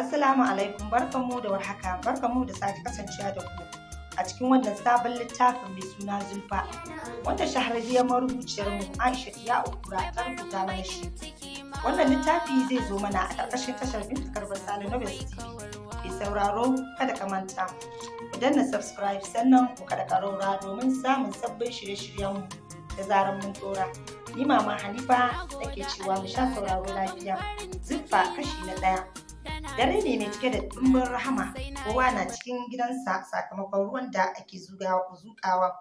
Assalamu alaikum barkamu da warhaka barkamu da sake kasancewa da ku a cikin wannan sabon littafin mai suna Zulfa wanda shahararriyar marubuciyar mu Aisha ya ukura ta rubuta mana shi. Wannan littafi zai zo mana a ƙarƙashin tashar Binta Karbar Sale Novels TV. Ki sauraro kada ka manta. Idan danna subscribe sannan ku kada ka raura domin samun sabbin shirye mu da zarar mun tsora. Ni mama Hanifa nake cewa mu sha sauraro lafiya. Zulfa kashi na ɗaya. Dare ne mai cike da ɗimbin rahama, kowa na cikin gidansa sakamakon ruwan da ake zuƙawa.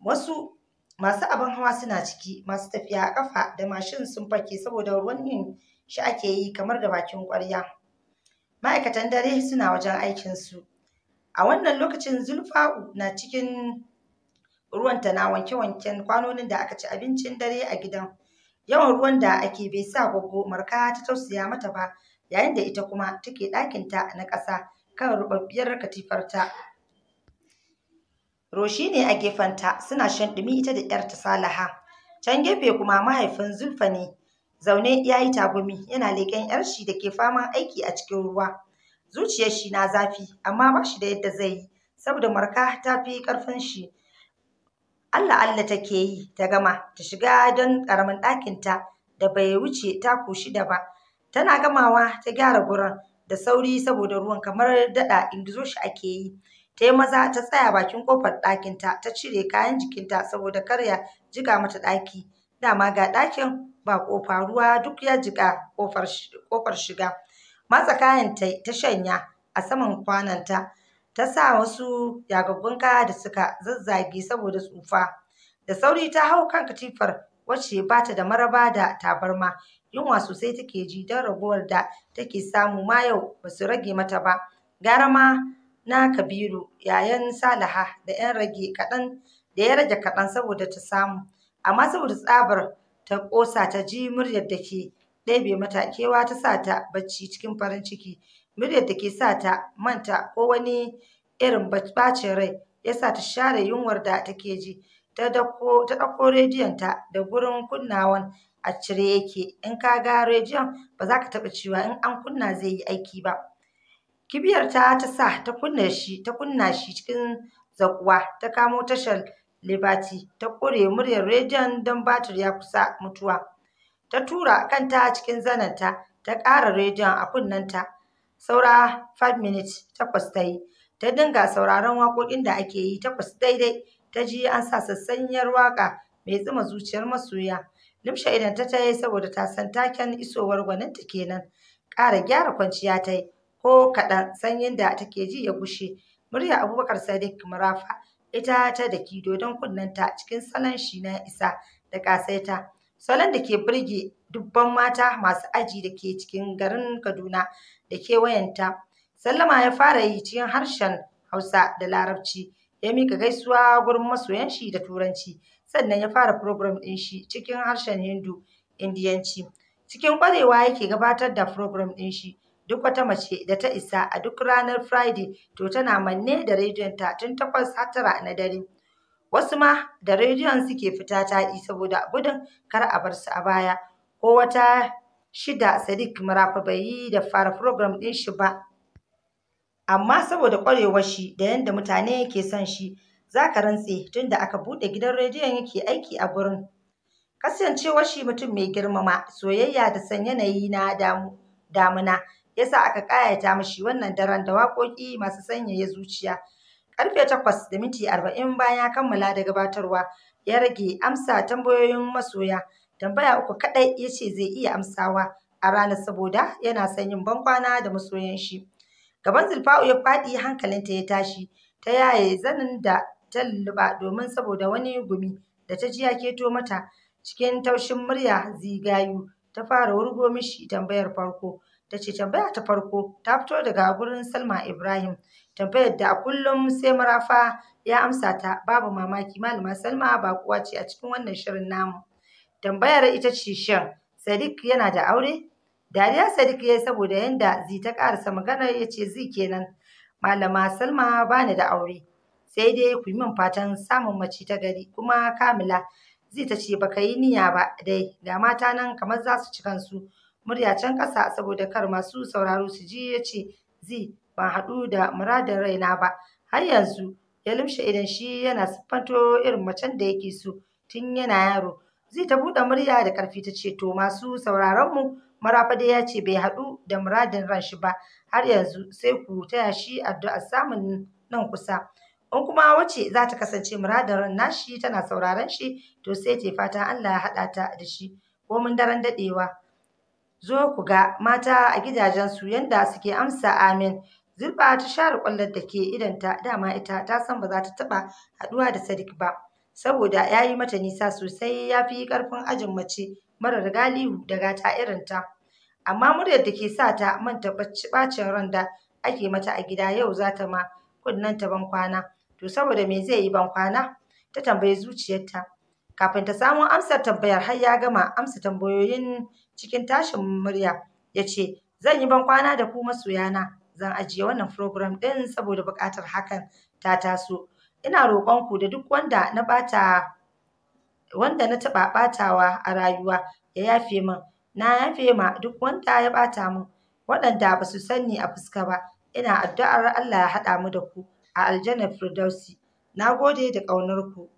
Wasu masu abin hawa suna ciki, masu tafiya a ƙafa da mashin sun fake saboda ruwan yin shi ake yi kamar da bakin ƙwarya. Ma'aikatan dare suna wajen aikinsu. A wannan lokacin Zulfa'u na cikin ruwanta na wanke-wanken kwanonin da aka ci abincin dare a gidan. Yawan ruwan da ake bai sa gwaggo marka ta tausaya mata ba yayin da ita kuma take ɗakinta na ƙasa kan biyar katifarta. Roshi ne a gefenta suna shan ɗumi ita da ‘yarta Salaha. Can gefe kuma mahaifin Zulfa ne zaune ya yi tagumi yana leƙen ‘yar shi da ke faman aiki a cikin ruwa. Zuciyar shi na zafi amma ba shi da yadda zai yi saboda marka ta fi ƙarfin shi. Allah Allah take yi ta gama ta shiga don ƙaramin ɗakinta da bai wuce taku shida ba Tana gamawa ta gyara gurin da sauri saboda ruwan kamar daɗa ingizo shi ake yi. Ta yi maza ta tsaya bakin ƙofar ɗakinta ta cire kayan jikinta saboda karya ya mata ɗaki. Dama ga ɗakin ba ƙofa ruwa duk ya jika ƙofar shiga. Matsa kayan ta ta shanya a saman kwanonta. Ta sa wasu yagaggun kaya da suka zazzage saboda tsufa. Da sauri ta hau kan katifar wacce ba ta da maraba da tabarma yunwa sosai take ji don raguwar da take samu ma yau ba su rage mata ba gara ma na kabiru yayan salaha da yan rage kaɗan da ya rage kaɗan saboda ta samu amma saboda tsabar ta ƙosa ta ji muryar da ke ɗebe mata kewa ta sa ta bacci cikin farin ciki muryar da ke sa ta manta ko wani irin bacin rai ya sa ta share yunwar da take ji ta ɗauko rediyonta da gurin kunnawan a cire yake in ka ga rediyon ba za ka taɓa cewa in an kunna zai yi aiki ba kibiyar ta ta sa ta kunna shi ta kunna shi cikin zakuwa ta kamo tashar liberty ta ƙure muryar rediyon don batir ya kusa mutuwa ta tura kanta cikin zananta ta ƙara rediyon a kunnen-ta. saura 5 minutes takwas ta yi ta dinga sauraron waƙoƙin da ake yi takwas daidai ta ji an sa sassanyar waƙa mai zuma zuciyar masoya Limshe idan ta ta yi saboda ta san taken isowar gwaninta kenan. Ƙara gyara kwanciya ta yi ko kaɗan sanyin da take ji ya gushe. Murya Abubakar Sadiq Marafa ita ta daki dodon kunnenta cikin salon shi na isa da ƙasaita. Salon da ke burge dubban mata masu aji da ke cikin garin Kaduna da kewayenta. Sallama ya fara yi cikin harshen Hausa da Larabci, ya mika gaisuwa gurin masoyan shi da Turanci. sannan ya fara program ɗin shi cikin harshen Hindu Indiyanci. Cikin ƙwarewa yake gabatar da program ɗin shi. Duk wata mace da ta isa a duk ranar Friday to tana manne da rediyon ta tun takwas har tara na dare. Wasu ma da rediyon suke fita taɗi saboda gudun kar a bar su a baya. Ko wata shida Sadiq Marafa bai yi da fara program ɗin shi ba. Amma saboda ƙwarewar shi da yadda mutane ke son shi za ka rantse tunda aka buɗe gidan rediyon yake aiki a gurin. Kasancewar shi mutum mai girmama, soyayya da san yanayi na damuna yasa aka ƙayata mashi wannan daren da waƙoƙi masu sanyaya zuciya. karfe takwas da minti arba'in bayan kammala da gabatarwa ya rage amsa tambayoyin masoya. Tambaya uku kaɗai ya ce zai iya amsawa a ranar saboda yana son yin bankwana da masoyan shi. Gaban Zulfa'u ya faɗi hankalinta ya tashi ta yaye zanin da ta lulluɓa domin saboda wani gumi da ta ji ya keto mata cikin taushin murya zigayu ta fara wurgo mishi tambayar farko ta ce tambaya ta farko ta fito daga gurin salma ibrahim tambayar da a kullum sai marafa ya amsa ta babu mamaki malama salma ba kuwa ce a cikin wannan shirin namu tambayar ita ce shan Sadik yana da aure dariya sadiq ya saboda yanda zai ta karasa maganar ya ce zi kenan malama salma bani da aure sai dai ku yi min fatan samun mace ta gari kuma kamila zai ta ce baka yi niyya ba dai ga mata nan kamar za su ci kansu murya can ƙasa saboda kar masu sauraro su ji ya ce zai ba haɗu da muradin raina ba har yanzu ya lumshe idan shi yana siffanto irin macen da yake so tun yana yaro zai ta buɗe murya da ƙarfi ta ce to masu sauraron mu marafa dai ya ce bai haɗu da muradin ran shi ba har yanzu sai ku taya shi addu'a samun nan kusa in kuma wace za ta kasance muradin ran nashi tana sauraron shi to sai ta fata Allah ya haɗa ta da shi ko daren daɗewa zo ku ga mata a gidajen su yanda suke amsa amin zurfa ta share kwallon da ke idanta dama ita ta san ba za ta taɓa haɗuwa da Sadiq ba saboda ya yi mata nisa sosai ya fi ƙarfin ajin mace marar galihu da irin ta. amma muryar da ke sa ta manta ɓacin ran da ake mata a gida yau za ta ma kunnen ta ban kwana to saboda me zai yi ban kwana ta tambayi zuciyarta kafin ta samu amsar tambayar har ya gama amsa tambayoyin cikin tashin murya ya ce zan yi ban kwana da ku masoyana zan ajiye wannan program ɗin saboda buƙatar hakan ta taso ina roƙon ku da duk wanda na bata wanda na taɓa ɓatawa a rayuwa ya yafe min na yafe ma duk wanda ya ɓata min waɗanda ba su sani a fuska ba ina addu'ar Allah ya haɗa mu da ku a Aljanna Firdausi. Na gode da ƙaunarku.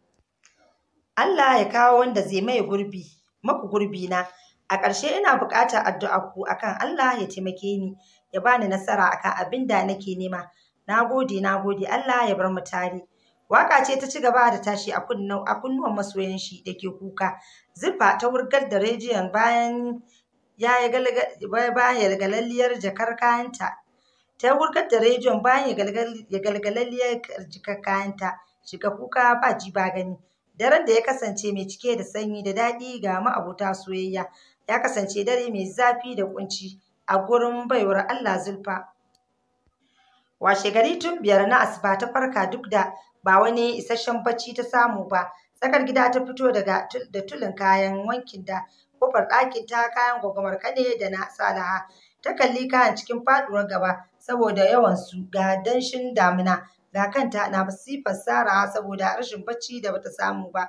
Allah ya kawo wanda zai mai gurbi, maku gurbi na. A ƙarshe ina buƙatar addu'a ku akan Allah ya taimake ni, ya bani nasara akan abin da nake nema. Na gode, na gode, Allah ya bar mu tare. Waka ce ta ci gaba da tashi a kunnuwan masoyan shi da ke kuka. Zufa ta wurgar da rediyon bayan ya yi galalliyar jakar kayanta ta gurgar da rediyon bayan ya galgalalliyar jikar kayanta shiga kuka ba ji ba gani daren da ya kasance mai cike da sanyi da daɗi ga ma'abota soyayya ya kasance dare mai zafi da kunci a gurin baiwar Allah zulfa washe gari tun biyar na asuba ta farka duk da ba wani isasshen bacci ta samu ba tsakar gida ta fito daga da tulin kayan wankin da kofar ɗakin ta kayan gwagwamar kane da na salaha ta kalli kayan cikin faɗuwar gaba saboda yawan su ga danshin damina, ga kanta na masifar sarawa saboda rashin bacci da bata samu ba.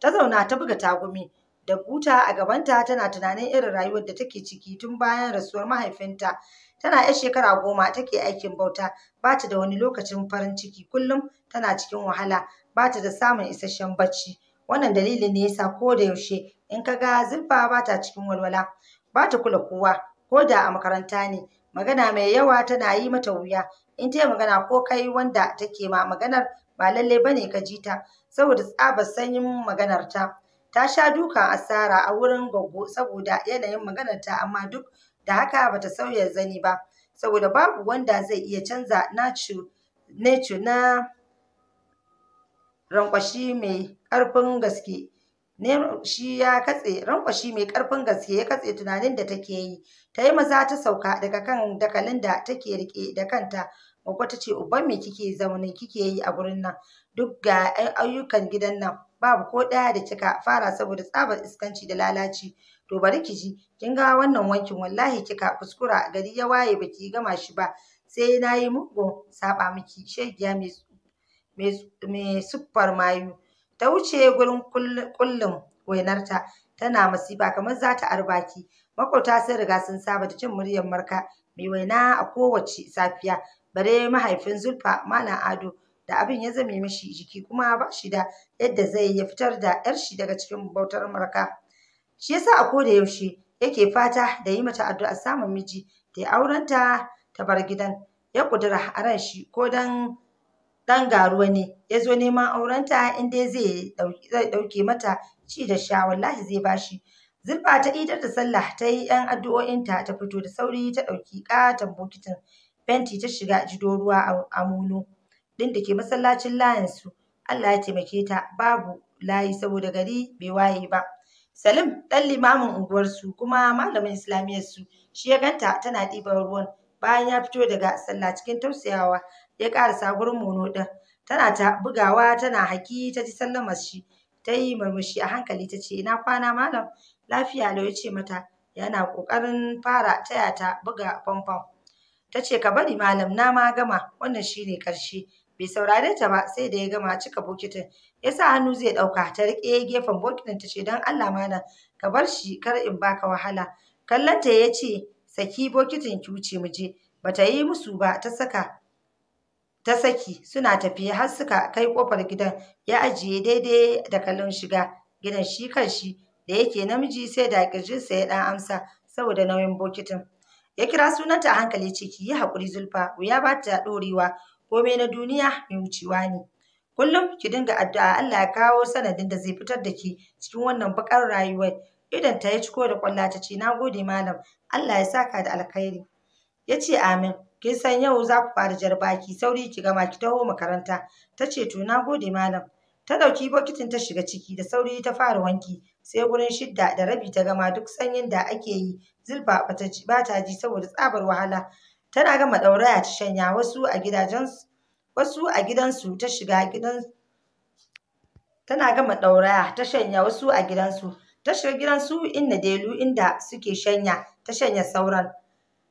Ta zauna ta buga tagumi da buta a gabanta tana tunanin irin rayuwar da take ciki tun bayan rasuwar mahaifinta. Tana 'yar shekara goma take aikin bauta, ba ta da wani lokacin farin ciki kullum tana cikin wahala, ba ta da samun isasshen bacci. Wannan dalilin ne yasa ko da yaushe in ka ga Zulfa ba ta cikin walwala, ba ta kula kowa, ko da a makaranta ne, magana mai yawa tana yi mata wuya in ta yi magana ko kai wanda take ma maganar ba lalle bane ka ji ta saboda tsabar sanyin maganar ta ta sha dukan asara a wurin goggo saboda yanayin maganar ta amma duk da haka bata sauya zani ba saboda babu wanda zai iya canza nature na rankwashi mai ƙarfin gaske ne shi ya katse rankwashi mai karfin gaske ya katse tunanin da take yi ta yi maza ta sauka daga kan dakalin da take rike da kanta gwagwa ta ce uban me kike zaune kike yi a gurin nan duk ga ayyukan gidan nan babu ko ɗaya da kika fara saboda tsabar iskanci da lalaci to bari ki ji kin ga wannan wankin wallahi kika kuskura gari ya waye baki gama shi ba sai na yi mugun saba miki shegiya mai mai siffar mayu ta wuce gurin kullum wainarta tana masifa kamar za ta arbaki makwabta sun riga sun saba da jin muryar marka mai waina a kowace safiya bare mahaifin zulfa malam ado da abin ya zame mishi jiki kuma ba shi da yadda zai ya fitar da yar shi daga cikin bautar marka shi yasa a koda yaushe yake fata da yi mata addu'a samun miji da ya aurenta ta bar gidan ya kudura a ran shi ko dan ga garuwa ne ya zo neman aurenta in dai zai dauke mata ci da sha wallahi zai bashi Zulfa ta idar da sallah ta yi ‘yan addu'o'inta ta fito da sauri ta ɗauki ƙaton bokitin fenti ta shiga jido ruwa a muno Din da ke masallacin su Allah ya taimake ta babu layi saboda gari bai waye ba. Salim dan limamin unguwarsu kuma malamin su shi ya ganta tana ɗiban ruwan bayan ya fito daga sallah cikin tausayawa ya karasa gurin mono ɗin tana ta bugawa tana haki ta ji sallamar shi ta yi murmushi a hankali ta ce ina kwana malam lafiya lau ya ce mata yana ƙoƙarin fara taya ta buga famfam ta ce ka bari malam na ma gama wannan shine karshe bai saurare ta ba sai da ya gama cika bokitin ya sa hannu zai ɗauka ta riƙe gefen bokitin ta ce don Allah malam ka bar shi kar in baka wahala kallon ta ya ce saki bokitin ki wuce mu je bata yi musu ba ta saka ta saki suna tafiye har suka kai kofar gidan ya ajiye daidai da kallon shiga gidan shi kan shi da yake namiji sai da kirjinsa ya dan amsa saboda nauyin bokitin ya kira sunanta a hankali ciki yi hakuri zulfa wuya ba ta ɗorewa komai na duniya mai wucewa ne kullum ki dinga addu'a Allah ya kawo sanadin da zai fitar da ki cikin wannan bakar rayuwar Idan ta yi ciko da ƙwalla ta ce na gode malam Allah ya saka da alkhairi ya ce amin kin san yau za ku fara jarbaki sauri ki gama ki taho makaranta ta ce to na gode malam ta ɗauki bokitin ta shiga ciki da sauri ta fara wanki sai gurin shidda da rabi ta gama duk sanyin da ake yi zulfa ba ta ji saboda tsabar wahala tana gama ɗauraya ta shanya wasu a gidajen wasu a gidansu ta shiga gidan tana gama ɗauraya ta shanya wasu a gidansu ta shiga gidan su inna delu inda suke shanya ta shanya sauran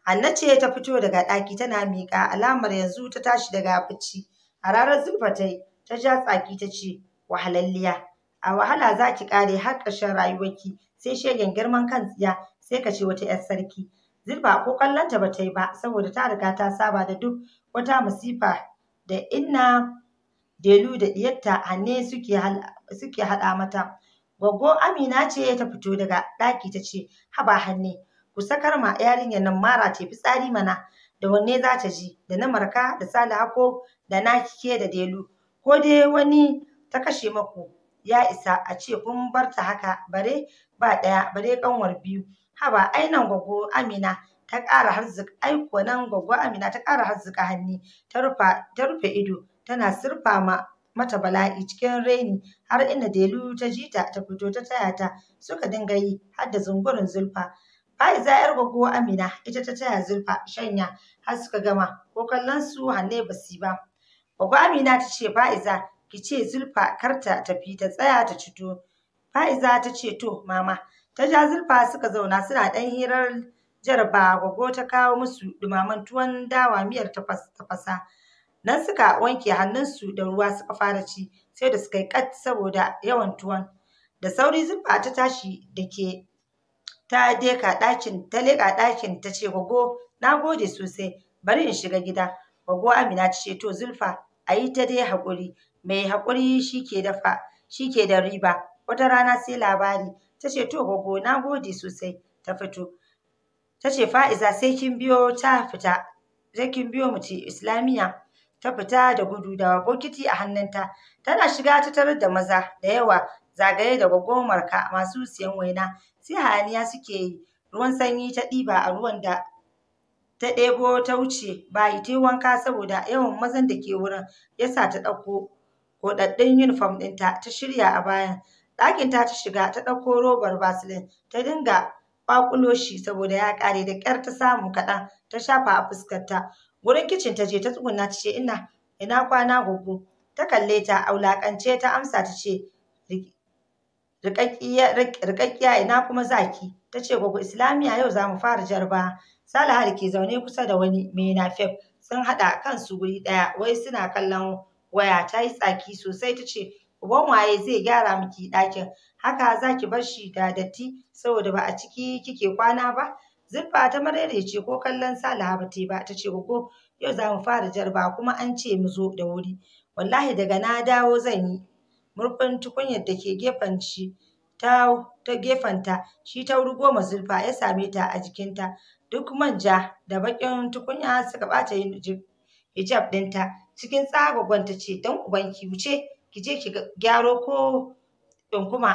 Hanna ce ta fito daga ɗaki tana miƙa alamar yanzu ta tashi daga bacci a ranar zulfa ta ta ja tsaki ta ce wahalalliya a wahala za ki ƙare har ƙarshen rayuwarki sai shegen girman kan tsiya sai ka ce wata 'yar sarki zulfa ko kallonta ba ta yi ba saboda ta riga ta saba da duk wata masifa da inna delu da diyarta hanne suke hada mata Gwaggo Amina ce ta fito daga ɗaki ta ce, Haba hanne, ku sakar ma yarinyar nan mara ta fitsari mana, da wanne za ta ji, da na marka, da salaha ko da na kike da delu, ko dai wani ta kashe maku ya isa a ce kun bar ta haka bare ba ɗaya bare ƙanwar biyu. Haba ainan gwaggo Amina ta ƙara harzuka ai nan gwaggo Amina ta ƙara harzuka hannu ta rufe ido tana surfa ma mata bala'i cikin reni har inda Delu ta ji ta ta fito ta taya ta suka dinga yi har da zungurin Zulfa. Faiza yar gogo Amina ita ta taya Zulfa shanya har suka gama ko kallon su Hanne basi ba. Gogo Amina ta ce Faiza ki ce Zulfa kar ta tafi ta tsaya ta cito. Faiza ta ce to mama ta ja Zulfa suka zauna suna ɗan hirar jarba gogo ta kawo musu dumaman tuwon dawa miyar tafasa. Nan suka wanke hannunsu da ruwa suka fara ci sai da suka yi kat saboda yawan tuwon. Da sauri zuffa ta tashi da ke ta deka ɗakin ta leƙa ɗakin ta ce gogo na gode sosai bari in shiga gida. Gogo Amina ta ce to Zulfa a yi ta dai haƙuri mai hakuri shi ke dafa shi da riba wata rana sai labari ta ce to gogo na gode sosai ta fito. Ta ce fa'iza sai kin biyo ta fita sai kin biyo mu ce islamiyya ta fita da gudu da bokiti a hannunta tana shiga ta tarar da maza da yawa zagaye da gwagwarmarka masu siyan waina sai hayaniya suke yi ruwan sanyi ta ɗiba a ruwan da ta ɗebo ta wuce bayi ta wanka saboda yawan mazan da ke wurin ya sa ta ɗauko koɗaɗɗun yunifom ɗinta ta shirya a bayan ɗakinta ta shiga ta ɗauko robar basilin ta dinga ƙwaƙulo saboda ya ƙare da ƙyar ta samu kaɗan ta shafa a fuskarta Wurin kicin ta je ta tsuguna ta ce ina ina kwana gugu. Ta kalle ta a wulaƙance ta amsa ta ce rikakkiya ina kuma zaki. Ta ce gugu Islamiyya yau za mu fara jarba. Salaha da ke zaune kusa da wani mai nafef sun haɗa kansu wuri ɗaya wai suna kallon waya ta yi tsaki sosai ta ce uban waye zai gyara miki ɗakin haka za ki bar shi da datti saboda ba a ciki kike kwana ba Zuffa ta madaidaici ko kallon Salaha ba ta ba ta ce ko yau za mu fara jarba kuma an ce mu zo da wuri. Wallahi daga na dawo zan yi. Murfin tukunyar da ke gefen shi ta ta gefenta shi ta wuri goma zirfa ya same ta a jikinta duk manja da bakin tukunya suka yin hijab ɗinta cikin tsagwagon ta ce dan ubanki wuce ki je ki gyaro ko ɗunkuma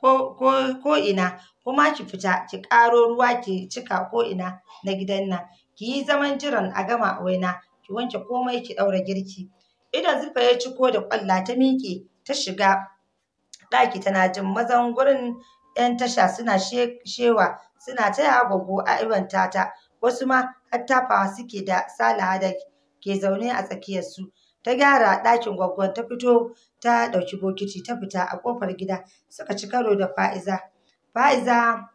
ko ko ko ina kuma ki fita ki ƙaro ruwa ki cika ko'ina na gidan nan ki yi zaman jiran a gama waina ki wanke komai ki ɗaura girki idan zufa ya ciko da ƙwalla ta miƙe ta shiga ɗaki tana jin mazan gurin 'yan tasha suna shewa suna taya gwaggo a ta. wasu ma har tafawa suke da Salaha da ke zaune a tsakiyarsu ta gyara ɗakin gwaggon ta fito ta ɗauki bokiti ta fita a ƙofar gida suka ci karo da fa'iza Fa'iza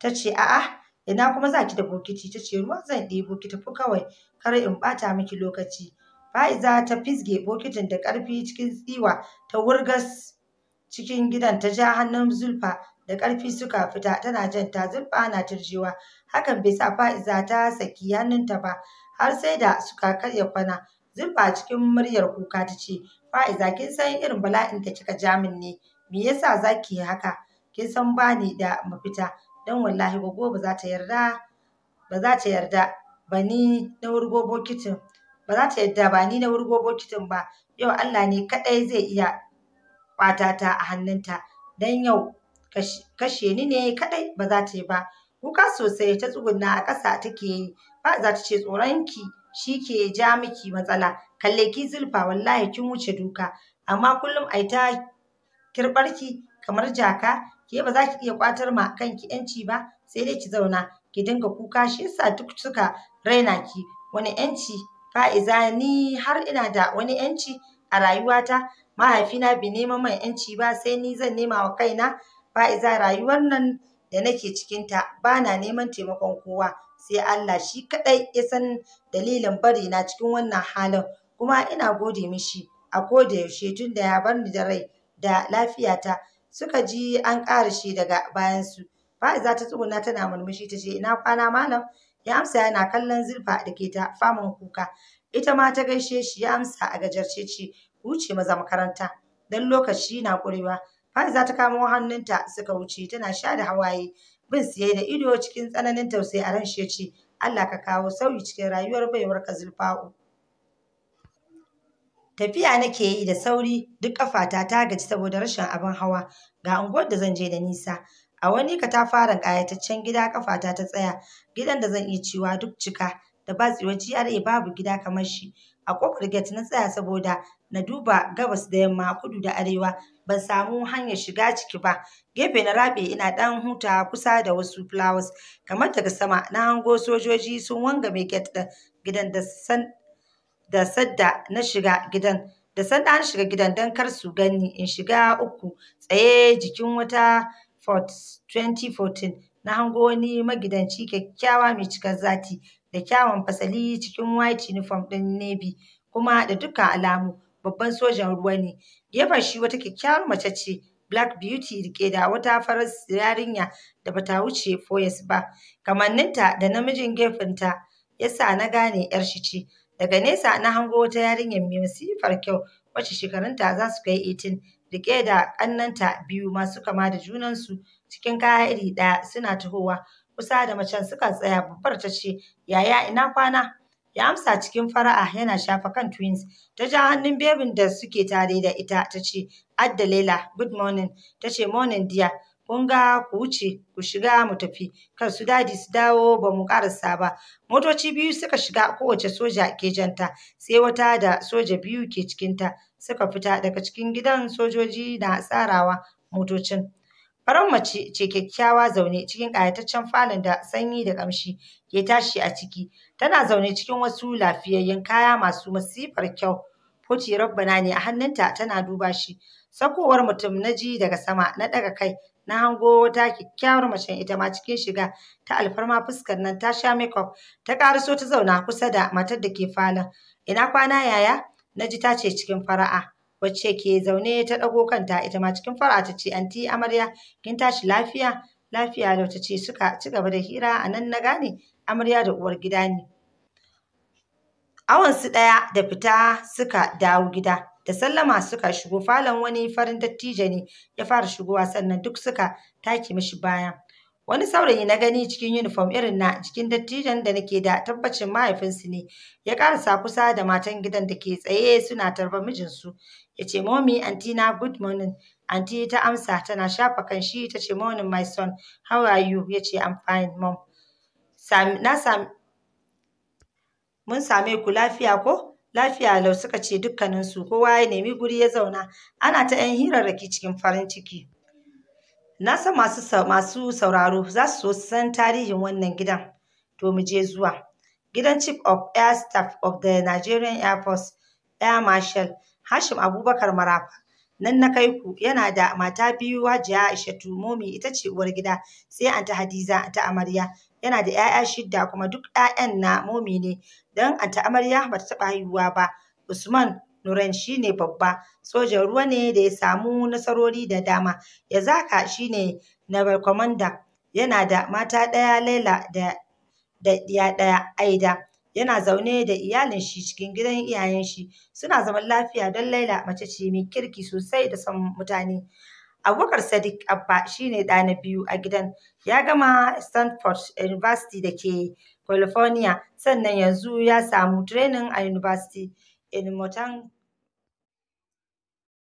ta ce a'a ina kuma za ki da bokiti ta ce ruwan zan ɗebo ki tafi kawai kar in ɓata miki lokaci. Fa'iza ta fisge bokitin da ƙarfi cikin tsiwa ta wurgas cikin gidan ta ja hannun Zulfa da ƙarfi suka fita tana jan ta Zulfa na turjewa hakan bai sa Fa'iza ta saki hannunta ba har sai da suka karya kwana. Zulfa cikin muryar kuka ta ce Fa'iza kin san irin bala'in da kika ja min ne me yasa za ki haka kin san ba ni da mafita don wallahi gogo ba za ta yarda ba za ta yarda ba ni na wurgo bokitin ba za ta yarda ba ni na wurgo bokitin ba yau Allah ne kaɗai zai iya ƙwata ta a hannunta don yau kashe ni ne kaɗai ba za ta yi ba kuka sosai ta tsugunna a ƙasa take yi ba za ta ce tsoronki shi ke ja miki matsala kalle ki zulfa wallahi kin wuce duka amma kullum ai ta kirɓarki kamar jaka ke ba za ki iya kwatar ma kanki yanci ba sai dai ki zauna ki dinga kuka shi yasa duk suka raina ki wani yanci fa'iza ni har ina da wani yanci a rayuwata mahaifina bai neman man yanci ba sai ni zan nema wa kaina fa'iza rayuwar nan da nake cikinta ba na neman taimakon kowa sai Allah shi kaɗai ya san dalilin bari na cikin wannan halin kuma ina gode mishi a koda yaushe tunda ya bar ni da rai da lafiyata suka ji an shi daga bayansu. Fa'iza ta tsuguna tana murmushi ta ce ina kwana malam ya amsa yana kallon zurfa da ke ta faman kuka. Ita ma ta gaishe shi ya amsa a gajarce ce wuce maza makaranta don lokaci na ƙurewa. Fa'iza ta kamo hannunta suka wuce tana sha da hawaye bin siyai da ido cikin tsananin tausayi a ran ce Allah ka kawo sauyi cikin rayuwar baiwar ka zulfa'u. Tafiya nake yi da sauri duk kafata ta gaji saboda rashin abin hawa ga unguwar da zan je da nisa. A wani ka ta fara ƙayataccen gida kafata ta tsaya, gidan da zan iya cewa duk cika da batsewar GRA babu gida kamar shi. A kofar gate na tsaya saboda na duba gabas da yamma, kudu da arewa, ban samu hanyar shiga ciki ba. Gefe na rabe ina ɗan hutawa kusa da wasu flowers. Kamar daga sama na hango sojoji sun wanga mai gate gidan da san da sadda na shiga gidan da sanda na shiga gidan don kar su gani in shiga uku tsaye jikin wata Ford 2014 na hango wani magidanci kyakkyawa mai cikar zati da kyawun fasali cikin white uniform ɗin navy kuma da duka alamu babban sojan ruwa ne gefen shi wata kyakkyawar mace ce black beauty rike da wata farar yarinya da bata wuce foyes ba kamanninta da namijin ya yasa na gane yar shi ce Daga nesa na hango wata yarinyar mai masifar kyau wacce shekarunta za su kai 18 riƙe da ƙannanta biyu masu kama da junansu cikin kaya iri ɗaya suna tahowa kusa da macen suka tsaya babbar ta ce yaya ina kwana ya amsa cikin fara'a yana shafa kan twins ta ja hannun bebin da suke tare da ita ta ce adda laila good morning ta ce morning dear kun ga ku wuce ku shiga mu tafi kan su dadi su dawo ba mu karasa ba motoci biyu suka shiga kowace soja ke janta sai wata da soja biyu ke cikinta suka fita daga cikin gidan sojoji na tsarawa motocin farar mace ce kyakkyawa zaune cikin ƙayataccen falon da sanyi da ƙamshi ke tashi a ciki tana zaune cikin wasu lafiyayyun kaya masu masifar kyau Foti rabbana ne a hannunta tana duba shi. Sakowar mutum na ji daga sama na daga kai na hango wata kyakkyawar macen ita ma cikin shiga ta alfarma fuskar nan ta sha makeup ta karaso ta zauna kusa da matar da ke falon ina kwana yaya na ji ta ce cikin fara'a wacce ke zaune ta ɗago kanta ita ma cikin fara'a ta ce anti amarya kin tashi lafiya lafiya lau ta ce suka ci gaba da hira a nan na gane amarya da uwar gida ne awansu ɗaya da fita suka dawo gida da sallama suka shigo falon wani farin dattijo ne ya fara shigowa sannan duk suka take mishi baya wani saurayi na gani cikin uniform irin na cikin dattijon da nake da tabbacin mahaifinsu ne ya karasa kusa da matan gidan da ke tsaye suna tarbar mijinsu ya ce momi anti na good morning anti ta amsa tana shafa kan shi ta ce morning my son how are you ya ce i'm fine mom na sam, mun same ku lafiya ko lafiya lau suka ce dukkaninsu kowa ya nemi guri ya zauna ana ta 'yan hirarraki cikin farin ciki na san masu masu sauraro za su so san tarihin wannan gidan to mu je zuwa gidan chief of air staff of the nigerian air force air marshal hashim abubakar marafa nan na kai ku yana da mata biyu hajiya aishatu momi ita ce uwar gida sai anta hadiza ta amarya yana da 'ya'ya shidda kuma duk 'ya'yan na momi ne don anti amarya ta taɓa haihuwa ba usman Nuren shi ne babba sojan ruwa ne da ya samu nasarori da dama ya zaka shi ne naval commander yana da mata ɗaya laila da da ɗiya ɗaya aida yana zaune da iyalin shi cikin gidan iyayen shi suna zaman lafiya don laila mace ce mai kirki sosai da son mutane Abubakar Sadiq Abba shine ɗa na biyu a gidan. Ya gama Stanford University da ke California sannan yanzu ya samu training a University in Mountain